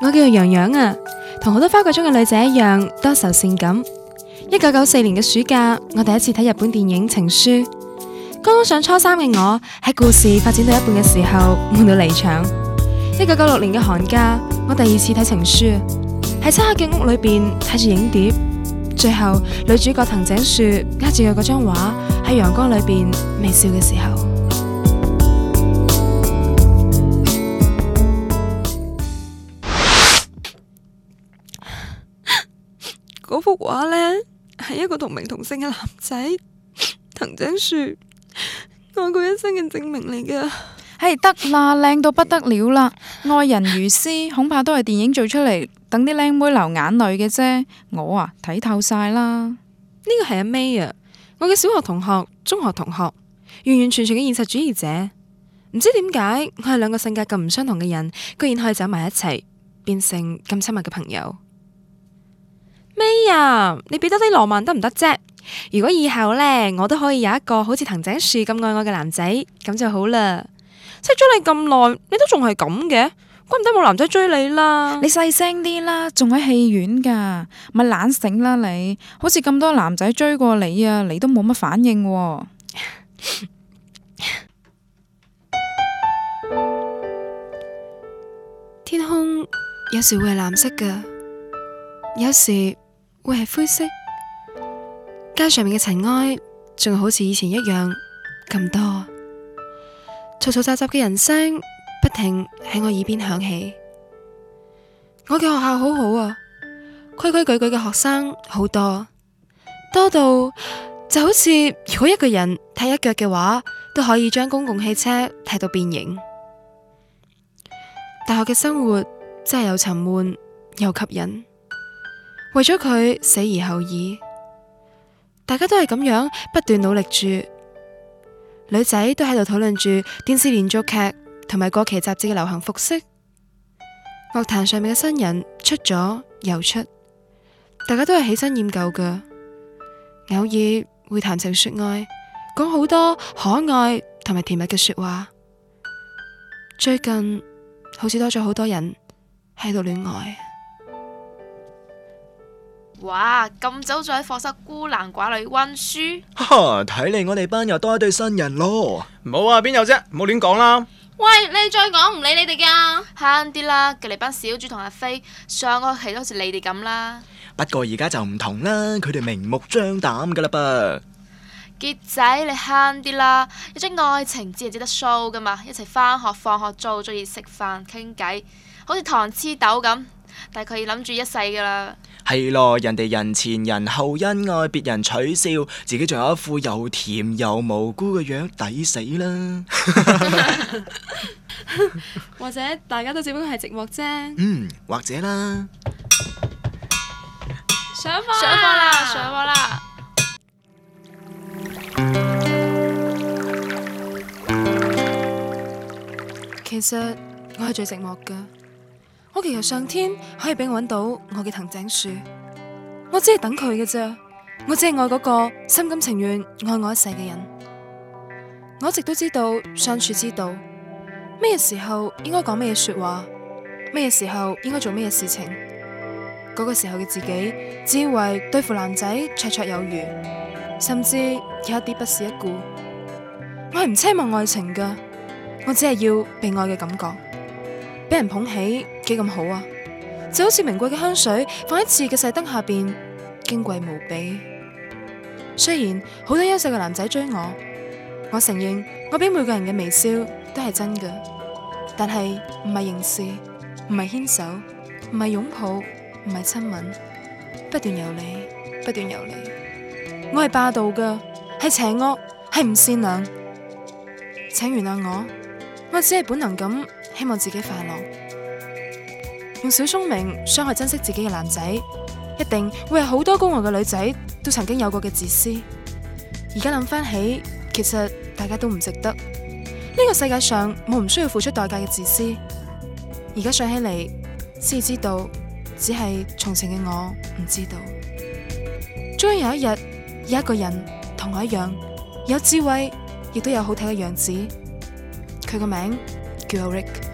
我叫楊楊啊，同好多花季中嘅女仔一樣都多愁善感。一九九四年嘅暑假，我第一次睇日本電影《情書》，剛剛上初三嘅我喺故事發展到一半嘅時候，悶到離場。一九九六年嘅寒假，我第二次睇《情書》，喺漆黑嘅屋裏邊睇住影碟，最後女主角藤井樹握住佢嗰張畫喺陽光裏邊微笑嘅時候。我話呢，係一個同名同姓嘅男仔藤井樹，我佢一生嘅證明嚟噶。係、hey, 得啦，靚到不得了啦！愛人如斯， 恐怕都係電影做出嚟，等啲靚妹流眼淚嘅啫。我啊睇透晒啦，呢個係阿 May 啊，我嘅小學同學、中學同學，完完全全嘅現實主義者。唔知點解我係兩個性格咁唔相同嘅人，居然可以走埋一齊，變成咁親密嘅朋友。咩呀？你俾多啲浪漫得唔得啫？如果以後呢，我都可以有一個好似藤井樹咁愛我嘅男仔，咁就好啦。識咗你咁耐，你都仲係咁嘅，怪唔得冇男仔追你啦。你細聲啲啦，仲喺戲院噶，咪懶醒啦你。好似咁多男仔追過你啊，你都冇乜反應。天空有時會係藍色噶，有時。會係灰色，街上面嘅塵埃仲好似以前一樣咁多，嘈嘈雜雜嘅人聲不停喺我耳邊響起。我嘅學校好好啊，規規矩矩嘅學生好多，多到就好似如果一個人踢一腳嘅話，都可以將公共汽車踢到變形。大學嘅生活真係又沉悶又吸引。為咗佢死而後已，大家都係咁樣不斷努力住。女仔都喺度討論住電視連續劇同埋過期雜誌嘅流行服飾。樂壇上面嘅新人出咗又出，大家都係喜新厭舊㗎。偶爾會談情說愛，講好多可愛同埋甜蜜嘅說話。最近好似多咗好多人喺度戀愛。哇！咁早就喺課室孤男寡女溫書，睇嚟我哋班又多一對新人咯。唔好啊，邊有啫？唔好亂講啦。喂，你再講唔理你哋噶，慳啲啦。隔籬班小豬同阿飛上個學期都好似你哋咁啦。不過而家就唔同啦，佢哋明目張膽噶啦噃。傑仔，你慳啲啦，有咗愛情自然結得疏噶嘛，一齊翻學、放學、做作業、食飯、傾計，好似糖黐豆咁，大概諗住一世噶啦。係咯，人哋人前人後恩愛，別人取笑，自己仲有一副又甜又無辜嘅樣，抵死啦。 或者大家都只不過係寂寞啫。嗯，或者啦。上播啦，上播啦，上播啦。其實我係最寂寞噶。我祈求上天可以俾我揾到我嘅藤井樹，我只係等佢嘅啫，我只係愛嗰個心甘情願愛我一世嘅人。我一直都知道相處之道，咩嘢時候應該講咩嘢說話，咩嘢時候應該做咩事情。嗰個時候嘅自己，只為對付男仔綽綽有餘，甚至有一啲不屑一顧。我係唔奢望愛情噶，我只係要被愛嘅感覺，俾人捧起。幾咁好啊！就好似名貴嘅香水，放喺次嘅細燈下邊，矜貴無比。雖然好多優秀嘅男仔追我，我承認我俾每個人嘅微笑都係真嘅，但係唔係認事，唔係牽手，唔係擁抱，唔係親吻，不斷游離，不斷游離。我係霸道嘅，係邪惡，係唔善良，請原諒我，我只係本能咁希望自己快樂。用小聰明傷害珍惜自己嘅男仔，一定會係好多高傲嘅女仔都曾經有過嘅自私。而家諗翻起，其實大家都唔值得。呢個世界上冇唔需要付出代價嘅自私。而家想起嚟，先至知道只係從前嘅我唔知道。終於有一日，有一個人同我一樣，有智慧，亦都有好睇嘅樣子。佢個名叫 Eric。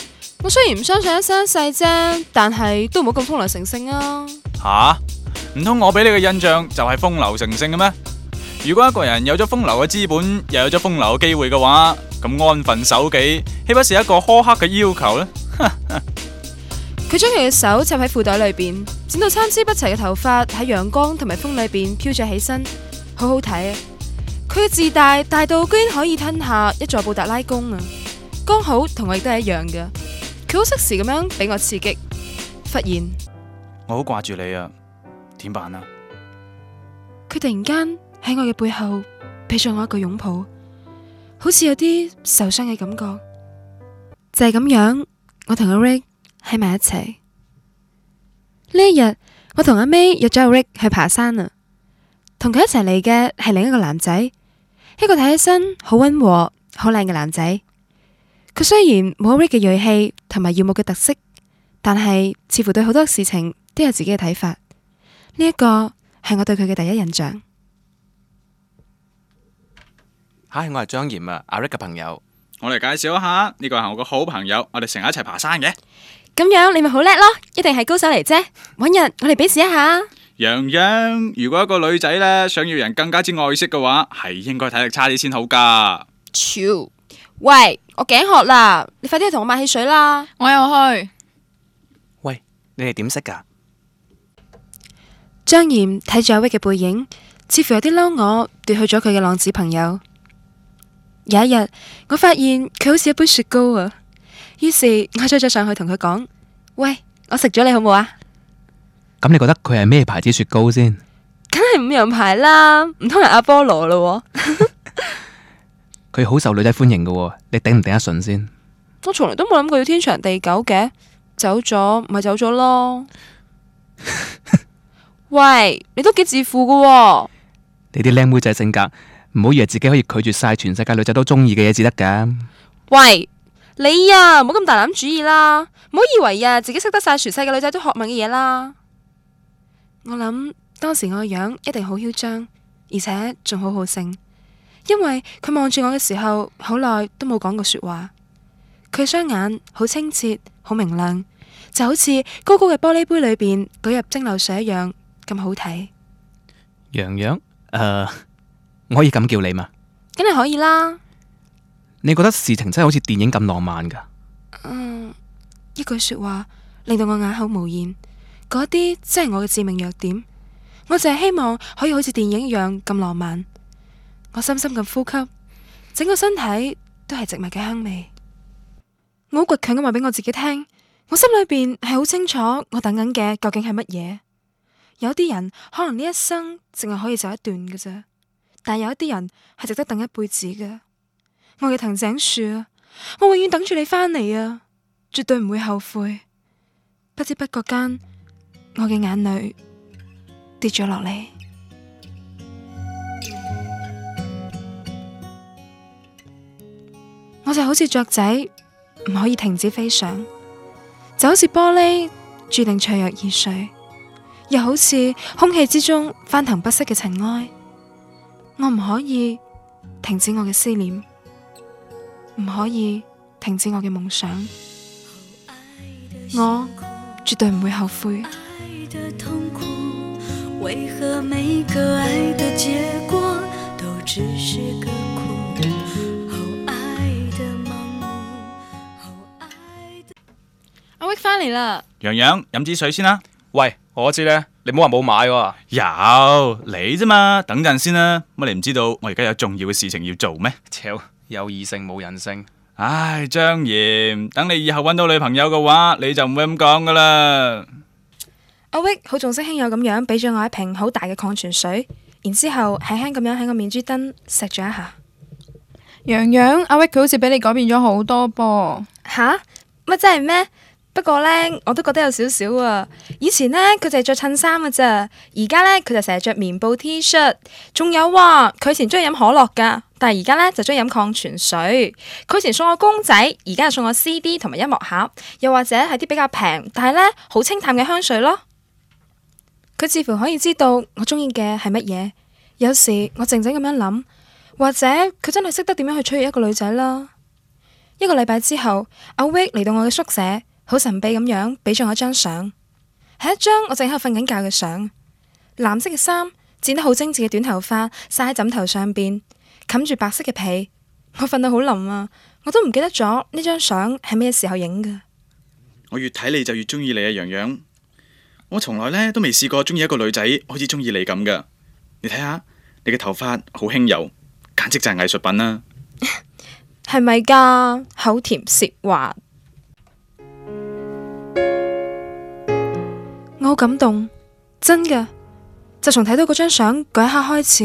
我雖然唔相信一生一世啫，但係都唔好咁風流成性啊！吓、啊，唔通我俾你嘅印象就係風流成性嘅咩？如果一個人有咗風流嘅資本，又有咗風流嘅機會嘅話，咁安分守己豈不是一個苛刻嘅要求咧？佢將佢嘅手插喺褲袋裏邊，剪到參差不齊嘅頭髮喺陽光同埋風裏邊飄咗起身，好好睇啊！佢自大大到居然可以吞下一座布達拉宮啊！剛好同我亦都係一樣嘅。佢好適時咁樣俾我刺激，忽然：「我好掛住你啊！點辦啊？」佢突然間喺我嘅背後俾咗我一個擁抱，好似有啲受傷嘅感覺。就係咁樣，我同阿 Rick 喺埋一齊。呢一日，我同阿 May 約咗阿 Rick 去爬山啊。同佢一齊嚟嘅係另一個男仔，一個睇起身好温和、好靚嘅男仔。佢雖然冇阿 Rick 嘅銳氣同埋耀目嘅特色，但係似乎對好多事情都有自己嘅睇法。呢、這、一個係我對佢嘅第一印象。嗨，我係張炎啊，阿、啊、Rick 嘅朋友。我嚟介紹一下，呢個係我個好朋友，我哋成日一齊爬山嘅。咁樣你咪好叻咯，一定係高手嚟啫。搵日我嚟比試一下。洋洋，如果一個女仔呢，想要人更加之愛惜嘅話，係應該體力差啲先好噶。 喂，我頸渴啦，你快啲去同我買汽水啦！我又去。喂，你哋點識噶？張炎睇住阿威嘅背影，似乎有啲嬲我奪去咗佢嘅浪子朋友。有一日，我發現佢好似一杯雪糕啊，於是我追咗上去同佢講：喂，我食咗你好冇啊？咁你覺得佢係咩牌子雪糕先？梗係五羊牌啦，唔通係阿波羅咯？ 佢好受女仔歡迎㗎喎，你頂唔頂得順先？我從來都冇諗過要天長地久嘅，走咗咪走咗咯。 喂，你都幾自負㗎喎？你啲靚妹仔性格唔好，以為自己可以拒絕晒全世界女仔都中意嘅嘢，至得嘅。喂，你呀，唔好咁大膽主意啦，唔好以為呀自己識得晒全世界女仔都學問嘅嘢啦。我諗當時我個樣一定好囂張，而且仲好好勝。因為佢望住我嘅時候，好耐都冇講過說話。佢雙眼好清澈、好明亮，就好似高高嘅玻璃杯裏邊倒入蒸餾水一樣咁好睇。洋洋，誒、uh，我可以咁叫你嘛？梗係可以啦。你覺得事情真係好似電影咁浪漫噶？嗯，uh, 一句說話令到我啞口無言。嗰啲真係我嘅致命弱點。我淨係希望可以好似電影一樣咁浪漫。我深深咁呼吸，整個身體都係植物嘅香味。我好倔強咁話俾我自己聽，我心裏邊係好清楚，我等緊嘅究竟係乜嘢？有啲人可能呢一生淨係可以走一段嘅啫，但有一啲人係值得等一輩子嘅。我嘅藤井樹啊，我永遠等住你翻嚟啊，絕對唔會後悔。不知不覺間，我嘅眼淚跌咗落嚟。我就好似雀仔，唔可以停止飛翔；就好似玻璃，注定脆弱易碎；又好似空氣之中翻騰不息嘅塵埃，我唔可以停止我嘅思念，唔可以停止我嘅夢想。我絕對唔會後悔。愛的痛苦，為何每個愛嘅結果都只是個苦。翻嚟啦，洋洋，飲支水先啦、啊。喂，我知咧，你冇好話冇買喎、啊。有你啫嘛，等陣先啦、啊。乜你唔知道我而家有重要嘅事情要做咩？ 有異性冇人性。唉，張炎，等你以後揾到女朋友嘅話，你就唔會咁講噶啦。阿威好重色輕友咁樣，俾咗我一瓶好大嘅礦泉水，然之後輕輕咁樣喺我面珠燈錫咗一下。洋洋，阿威佢好似俾你改變咗好多噃、啊。吓，乜真係咩？不過呢，我都覺得有少少啊。以前呢，佢淨係着襯衫嘅咋，而家呢，佢就成日着棉布 T 恤。仲有話、啊、佢以前中意飲可樂噶，但係而家呢，就中意飲礦泉水。佢以前送我公仔，而家又送我 CD 同埋音樂盒，又或者係啲比較平但係呢，好清淡嘅香水咯。佢似乎可以知道我中意嘅係乜嘢。有時我靜靜咁樣諗，或者佢真係識得點樣去取悅一個女仔啦。一個禮拜之後，阿 Wake 嚟到我嘅宿舍。好神秘咁樣俾咗我張相，係一張我正喺度瞓緊覺嘅相，藍色嘅衫，剪得好精致嘅短頭髮，晒喺枕頭上邊，冚住白色嘅被，我瞓到好冧啊！我都唔記得咗呢張相係咩時候影噶。我越睇你就越中意你啊，洋洋！我從來呢都未試過中意一個女仔好似中意你咁噶。你睇下，你嘅頭髮好輕柔，簡直就係藝術品啦、啊。係咪噶？口甜舌滑。我好感動，真嘅。就從睇到嗰張相嗰一刻開始，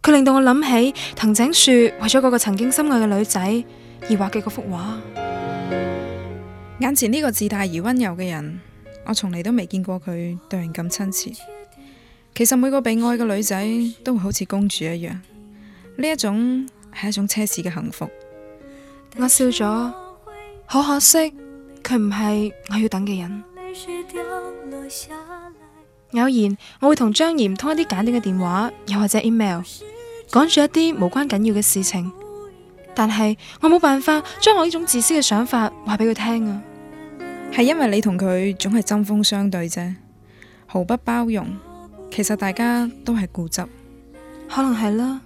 佢令到我諗起藤井樹為咗嗰個曾經心愛嘅女仔而畫嘅嗰幅畫。眼前呢個自大而溫柔嘅人，我從嚟都未見過佢對人咁親切。其實每個被愛嘅女仔都會好似公主一樣，呢一種係一種奢侈嘅幸福。我笑咗，好可惜，佢唔係我要等嘅人。偶然我會同張炎通一啲簡短嘅電話，又或者 email，講住一啲無關緊要嘅事情。但係我冇辦法將我呢種自私嘅想法話俾佢聽啊。係因為你同佢總係針鋒相對啫，毫不包容。其實大家都係固執，可能係啦。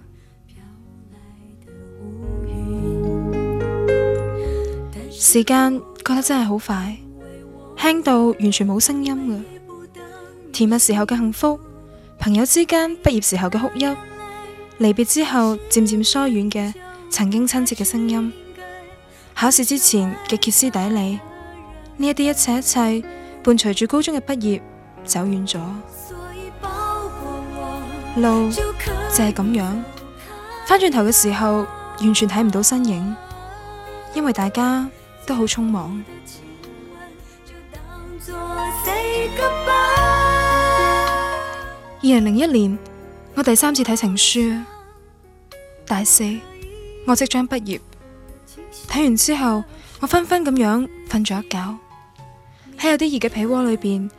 時間過得真係好快。輕到完全冇聲音嘅甜蜜時候嘅幸福，朋友之間畢業時候嘅哭泣，離別之後漸漸疏遠嘅曾經親切嘅聲音，考試之前嘅歇斯底里，呢一啲一切一切伴隨住高中嘅畢業走遠咗。路就係咁樣，翻轉頭嘅時候完全睇唔到身影，因為大家都好匆忙。二零零一年，我第三次睇情書。大四，我即將畢業。睇完之後，我昏昏咁樣瞓咗一覺。喺有啲熱嘅被窩裏邊，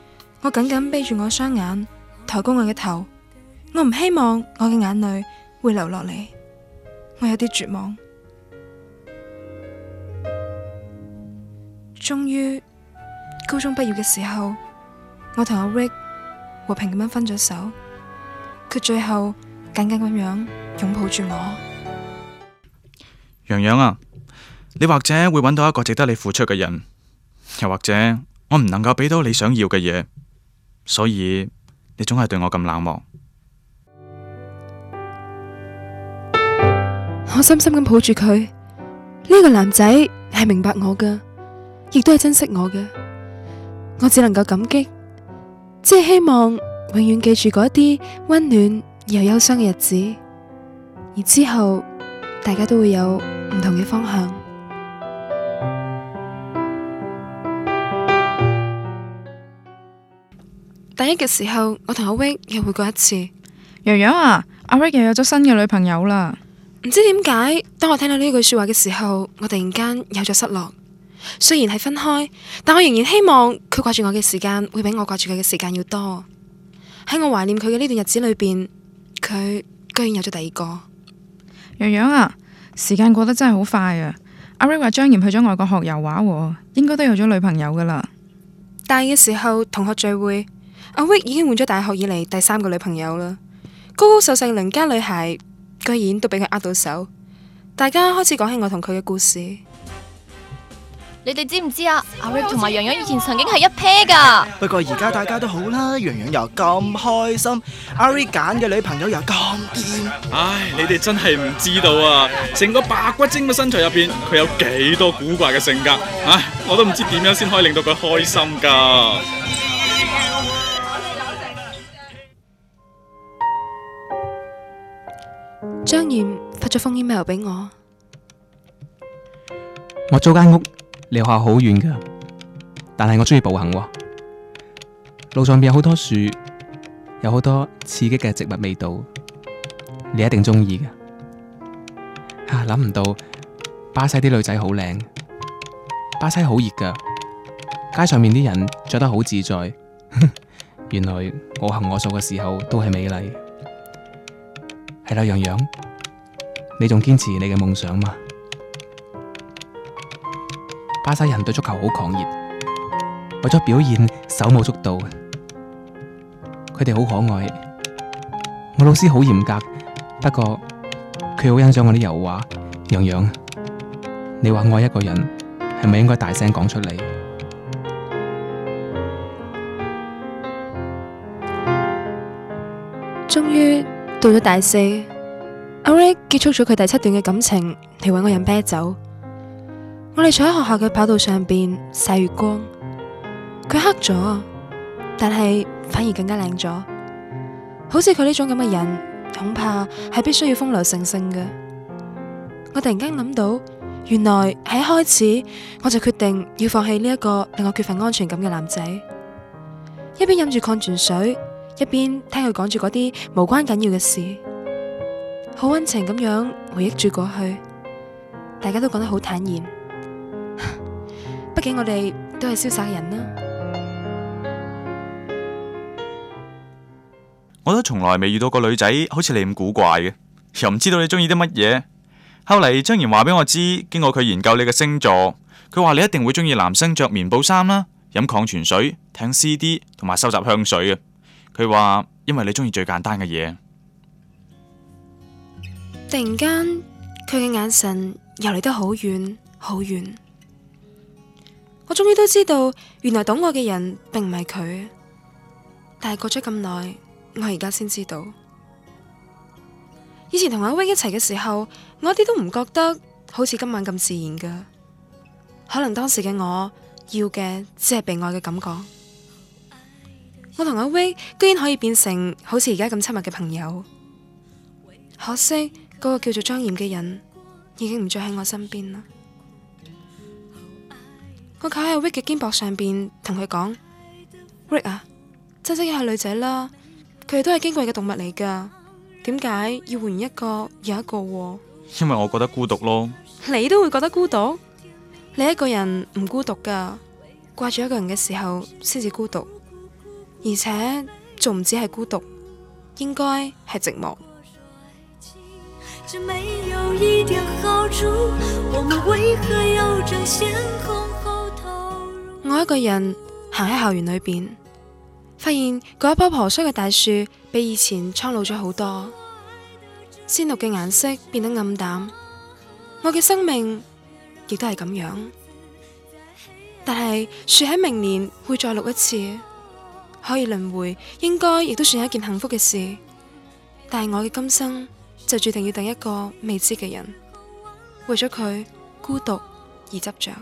我緊緊閉住我雙眼，抬高我嘅頭。我唔希望我嘅眼淚會流落嚟。我有啲絕望。終於。高中畢業嘅時候，我同阿 Rick 和平咁樣分咗手。佢最後緊緊咁樣擁抱住我。洋洋啊，你或者會揾到一個值得你付出嘅人，又或者我唔能夠俾到你想要嘅嘢，所以你總係對我咁冷漠。我深深咁抱住佢，呢個男仔係明白我嘅，亦都係珍惜我嘅。我只能夠感激，即係希望永遠記住嗰啲温暖又憂傷嘅日子，而之後大家都會有唔同嘅方向。大一嘅時候，我同阿 Wing 又會過一次。洋洋啊，阿 Wing 又有咗新嘅女朋友啦。唔知點解，當我聽到呢句說話嘅時候，我突然間有咗失落。雖然係分開，但我仍然希望佢掛住我嘅時間會比我掛住佢嘅時間要多。喺我懷念佢嘅呢段日子裏邊，佢居然有咗第二個。洋洋啊，時間過得真係好快啊！阿 Ray 話張炎去咗外國學油畫喎，應該都有咗女朋友噶啦。大二嘅時候同學聚會，阿 Wake 已經換咗大學以嚟第三個女朋友啦。高高瘦瘦鄰家女孩居然都俾佢呃到手。大家開始講起我同佢嘅故事。你哋知唔知啊？阿 Ray 同埋洋洋以前曾經係一 pair 噶。不過而家大家都好啦，啊，洋洋又咁開心，阿 Ray 揀嘅女朋友又咁賤。唉，你哋真係唔知道啊！成個白骨精嘅身材入邊，佢有幾多古怪嘅性格唉，我都唔知點樣先可以令到佢開心噶。張妍發咗封 email 俾我，我租間屋。你學校好遠噶，但係我中意步行喎。哦，路上邊有好多樹，有好多刺激嘅植物味道，你一定中意嘅。啊，諗唔到巴西啲女仔好靚，巴西好熱噶，街上面啲人着得好自在。原來我行我素嘅時候都係美麗。係啦，洋洋，你仲堅持你嘅夢想嗎？巴西人對足球好狂熱，為咗表現手舞足蹈，佢哋好可愛。我老師好嚴格，不過佢好欣賞我啲油畫。洋洋，你話愛一個人，係咪應該大聲講出嚟？終於到咗大四，阿 Ray 結束咗佢第七段嘅感情，嚟搵我飲啤酒。我哋坐喺學校嘅跑道上邊曬月光，佢黑咗，但係反而更加靚咗。好似佢呢種咁嘅人，恐怕係必須要風流成性嘅。我突然間諗到，原來喺一開始我就決定要放棄呢一個令我缺乏安全感嘅男仔。一邊飲住礦泉水，一邊聽佢講住嗰啲無關緊要嘅事，好溫情咁樣回憶住過去。大家都講得好坦然。畢竟我哋都係瀟灑人啦。我都從來未遇到個女仔好似你咁古怪嘅，又唔知道你中意啲乜嘢。後嚟張然話俾我知，經過佢研究你嘅星座，佢話你一定會中意男生着棉布衫啦，飲礦泉水，聽 CD 同埋收集香水啊。佢話因為你中意最簡單嘅嘢。突然間，佢嘅眼神又嚟得好遠好遠。我終於都知道，原來懂我嘅人並唔係佢，但係過咗咁耐，我而家先知道，以前同阿威一齊嘅時候，我一啲都唔覺得好似今晚咁自然㗎。可能當時嘅我要嘅只係被愛嘅感覺，我同阿威居然可以變成好似而家咁親密嘅朋友，可惜嗰個叫做張艷嘅人已經唔再喺我身邊啦。我靠喺 Rick 嘅肩膊上邊，同佢講：Rick 啊，珍惜一下女仔啦，佢哋都係矜貴嘅動物嚟噶，點解要換一個又一個？因為我覺得孤獨咯。你都會覺得孤獨？你一個人唔孤獨噶，掛住一個人嘅時候先至孤獨，而且仲唔止係孤獨，應該係寂寞。我一個人行喺校園裏邊，發現嗰一棵婆娑嘅大樹比以前蒼老咗好多，鮮綠嘅顏色變得暗淡。我嘅生命亦都係咁樣，但係樹喺明年會再綠一次，可以輪迴，應該亦都算一件幸福嘅事。但係我嘅今生就注定要等一個未知嘅人，為咗佢孤獨而執着。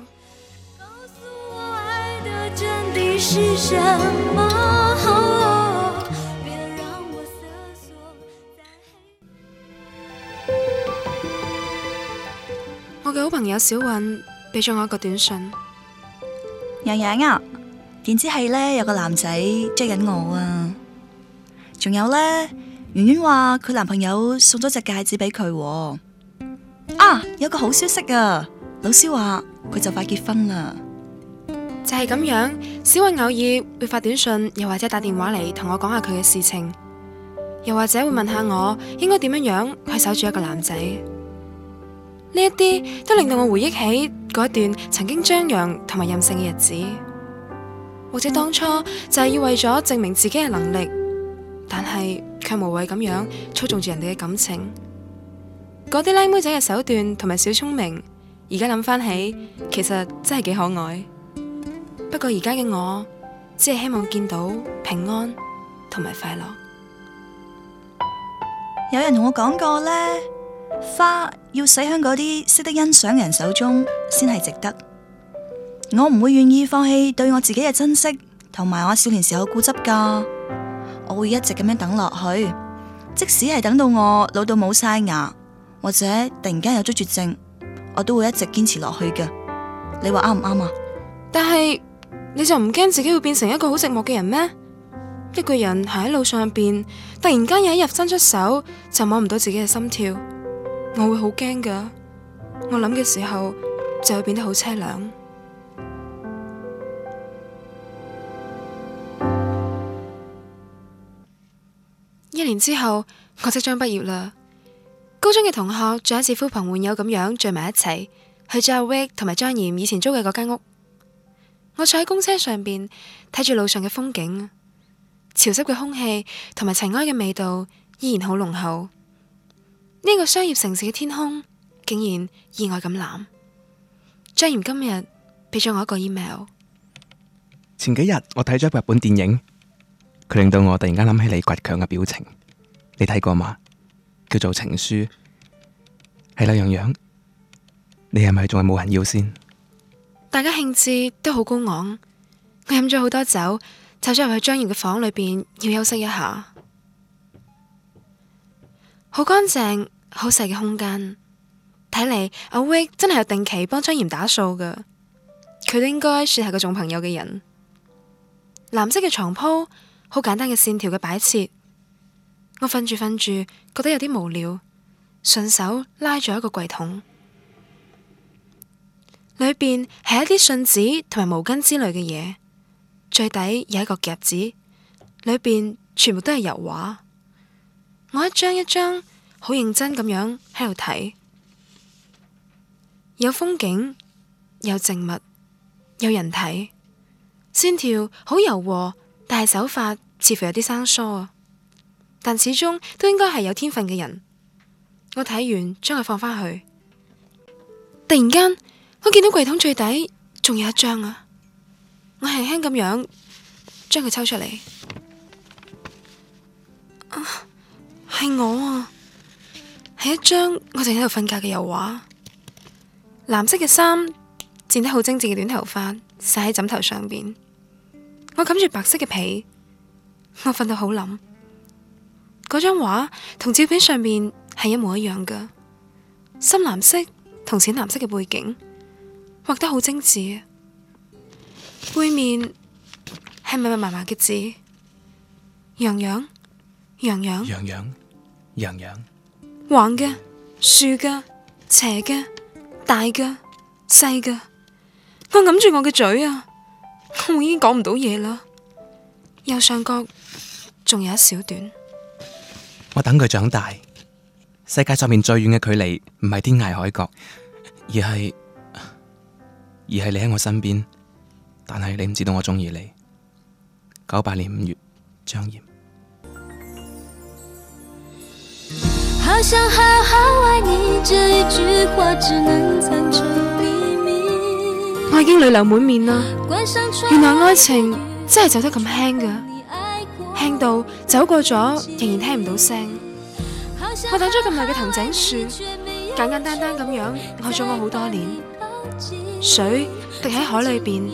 我嘅好朋友小韻俾咗我一個短信，洋洋啊，點知係咧，有個男仔追緊我啊！仲有咧，圓圓話佢男朋友送咗隻戒指俾佢喎，啊。啊，有個好消息啊！老師話佢就快結婚啦。就係咁樣，小慧偶爾會發短信，又或者打電話嚟同我講下佢嘅事情，又或者會問下我應該點樣樣去守住一個男仔。呢一啲都令到我回憶起嗰一段曾經張揚同埋任性嘅日子，或者當初就係要為咗證明自己嘅能力，但係卻無謂咁樣操縱住人哋嘅感情。嗰啲靚妹仔嘅手段同埋小聰明，而家諗翻起，其實真係幾可愛。不過而家嘅我，只係希望見到平安同埋快樂。有人同我講過咧，花要洗喺嗰啲識得欣賞人手中，先係值得。我唔會願意放棄對我自己嘅珍惜，同埋我少年時候固執噶。我會一直咁樣等落去，即使係等到我老到冇晒牙，或者突然間有咗絕症，我都會一直堅持落去嘅。你話啱唔啱啊？但係。你就唔驚自己會變成一個好寂寞嘅人咩？一個人行喺路上邊，突然間有一日伸出手就摸唔到自己嘅心跳，我會好驚㗎。我諗嘅時候就會變得好淒涼。一年之後，我即將畢業啦。高中嘅同學再一次呼朋喚友咁樣聚埋一齊，去咗阿 Wake 同埋張炎以前租嘅嗰間屋。我坐喺公車上邊睇住路上嘅風景，潮濕嘅空氣同埋塵埃嘅味道依然好濃厚。呢、這個商業城市嘅天空竟然意外咁藍。張炎今日俾咗我一個 email。前幾日我睇咗一部日本電影，佢令到我突然間諗起李倔強嘅表情。你睇過嗎？叫做《情書》。係劉洋洋，你係咪仲係冇人要先？大家興致都好高昂，我飲咗好多酒，走咗入去張妍嘅房裏邊要休息一下。好乾淨，好細嘅空間，睇嚟阿威真係有定期幫張妍打掃噶。佢都應該算係個重朋友嘅人。藍色嘅床鋪，好簡單嘅線條嘅擺設。我瞓住瞓住，覺得有啲無聊，順手拉咗一個櫃桶。裏邊係一啲信紙同埋毛巾之類嘅嘢，最底有一個夾子，裏邊全部都係油畫。我一張一張好認真咁樣喺度睇，有風景，有靜物，有人體。線條好柔和，但係手法似乎有啲生疏啊。但始終都應該係有天分嘅人。我睇完將佢放翻去，突然間。我見到櫃桶最底仲有一張啊！我輕輕咁樣將佢抽出嚟，啊，係我啊！係一張我正喺度瞓覺嘅油畫，藍色嘅衫，剪得好精致嘅短頭髮，晒喺枕頭上邊。我蓋住白色嘅被，我瞓到好諗。嗰張畫同照片上面係一模一樣嘅，深藍色同淺藍色嘅背景。畫得好精致啊！背面係密密麻麻嘅字，洋洋洋洋洋洋洋洋，橫嘅、豎嘅、斜嘅、大嘅、細嘅，我揞住我嘅嘴啊！我已經講唔到嘢啦。右上角仲有一小段，我等佢長大。世界上面最遠嘅距離，唔係天涯海角，而係……而係你喺我身邊，但係你唔知道我中意你。九八年五月，張 艷樂。我已經淚流滿面啦！原來愛情真係走得咁輕嘅，輕到走過咗仍然聽唔到聲。我，我等咗咁耐嘅藤井樹，簡簡單單咁樣愛咗我好多年。水滴喺海裏邊，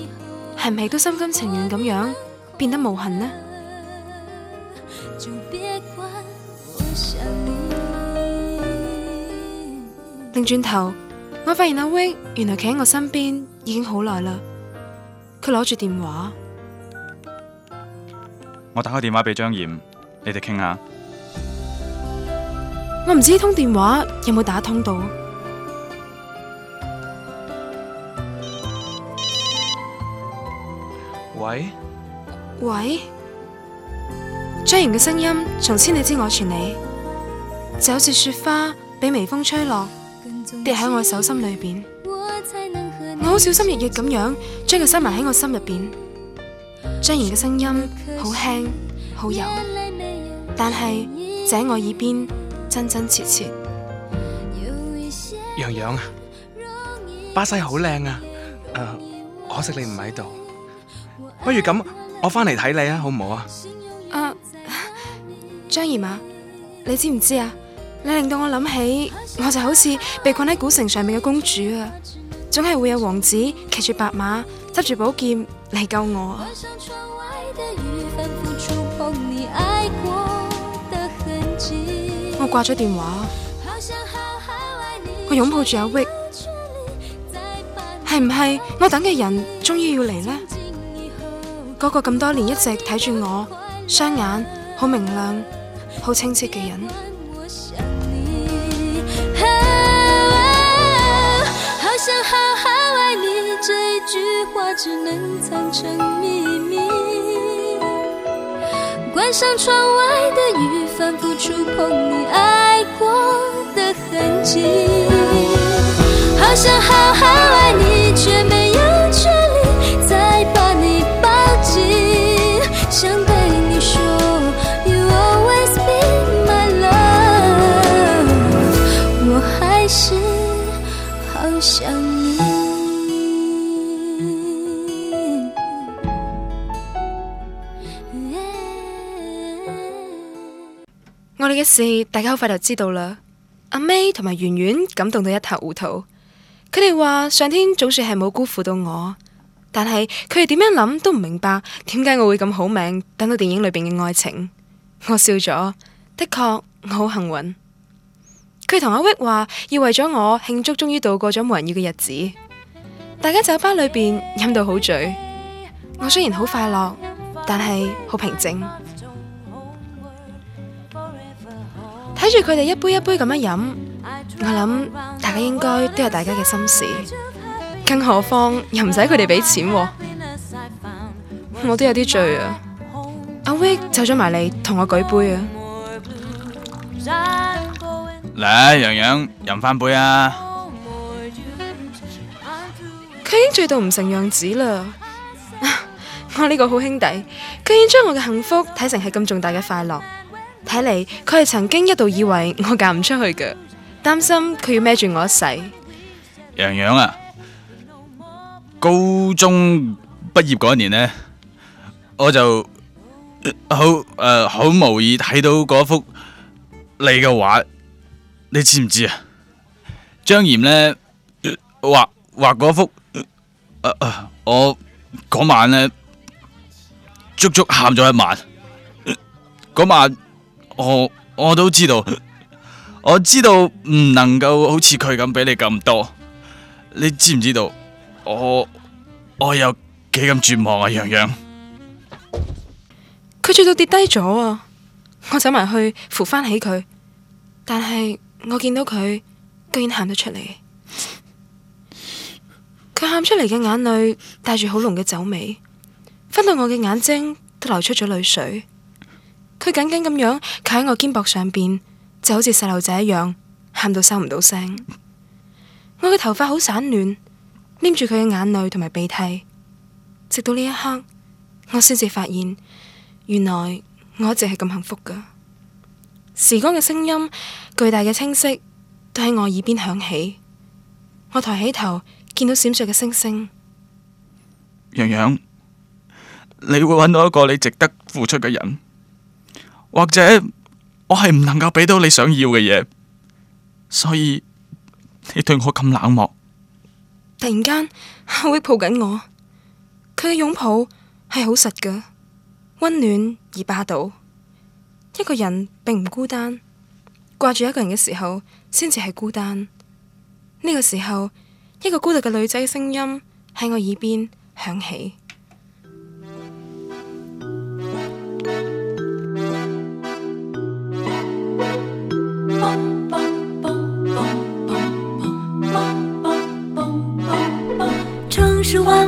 係咪都心甘情願咁樣變得無痕呢？擰轉頭，我發現阿 Wing 原來企喺我身邊已經好耐啦。佢攞住電話，我打開電話俾張炎，你哋傾下。我唔知通電話有冇打通到。喂喂，張炎嘅聲音從千里之外傳嚟，就好似雪花被微風吹落，跌喺我手心裏邊。我好小心翼翼咁樣將佢收埋喺我心入邊。張炎嘅聲音好輕好柔，但係就喺我耳邊真真切切。楊楊啊，巴西好靚啊，uh, 可惜你唔喺度。不如咁，我翻嚟睇你啊，好唔好啊？啊，張儀啊，你知唔知啊？你令到我諗起，我就好似被困喺古城上面嘅公主啊，總係會有王子騎住白馬，執住寶劍嚟救我啊！ 我掛咗電話，我擁抱住阿域，係唔係？我等嘅人終於要嚟咧？嗰個咁多年一直睇住我，雙眼好明亮、好清澈嘅人。好想好好愛你，這一句話只能藏成秘密。關上窗外的雨，反覆觸觸碰你愛過嘅痕跡。事大家好快就知道啦，阿 May 同埋圓圓感動到一塌糊塗，佢哋話上天總算係冇辜負到我，但係佢哋點樣諗都唔明白點解我會咁好命，等到電影裏邊嘅愛情。我笑咗，的確我好幸運。佢同阿域話要為咗我慶祝，終於度過咗冇人要嘅日子。大家酒吧裏邊飲到好醉，我雖然好快樂，但係好平靜。睇住佢哋一杯一杯咁樣飲，我諗大家應該都有大家嘅心事，更何況又唔使佢哋俾錢，我都有啲醉啊！阿威走咗埋嚟，同我舉杯啊！嚟啊，洋洋飲翻杯啊！佢已經醉到唔成樣子啦！我呢個好兄弟，居然將我嘅幸福睇成係咁重大嘅快樂。睇嚟佢係曾經一度以為我嫁唔出去嘅，擔心佢要孭住我一世。洋洋啊，高中畢業嗰年呢，我就好誒好無意睇到嗰幅你嘅畫，你知唔知啊？張嚴呢，呃、畫畫嗰幅，呃、我嗰晚呢，足足喊咗一晚，呃、晚。我我都知道，我知道唔能夠好似佢咁俾你咁多，你知唔知道？我我有幾咁絕望啊！洋洋，佢醉到跌低咗啊！我走埋去扶翻起佢，但係我見到佢居然喊得出嚟，佢喊出嚟嘅眼淚帶住好濃嘅酒味，噴到我嘅眼睛都流出咗淚水。佢緊緊咁樣靠喺我肩膊上邊，就好似細路仔一樣，喊到收唔到聲。我嘅頭髮好散亂，黏住佢嘅眼淚同埋鼻涕。直到呢一刻，我先至發現，原來我一直係咁幸福㗎。時光嘅聲音，巨大嘅清晰，都喺我耳邊響起。我抬起頭，見到閃爍嘅星星。洋洋，你會揾到一個你值得付出嘅人。或者我係唔能夠俾到你想要嘅嘢，所以你對我咁冷漠。突然間，夏威抱緊我，佢嘅擁抱係好實嘅，溫暖而霸道。一個人並唔孤單，掛住一個人嘅時候，先至係孤單。呢、這個時候，一個孤獨嘅女仔嘅聲音喺我耳邊響起。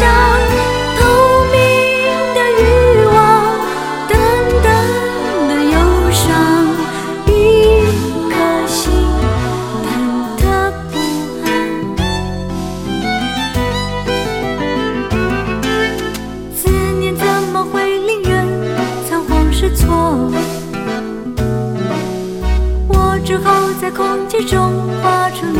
像透明的欲望，淡淡的憂傷，一顆心忐忑不安。思念 怎麼會令人倉皇失措？我只好在空氣中畫出你。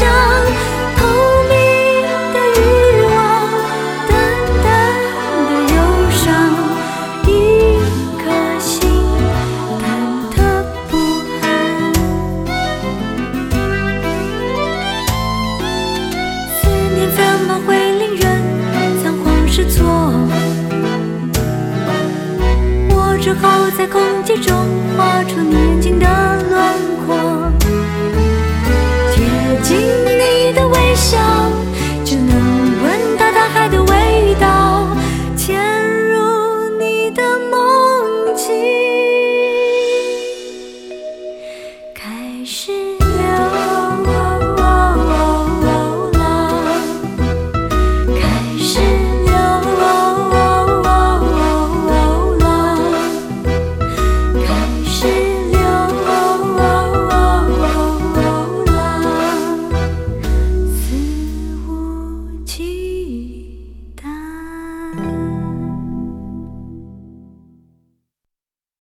想。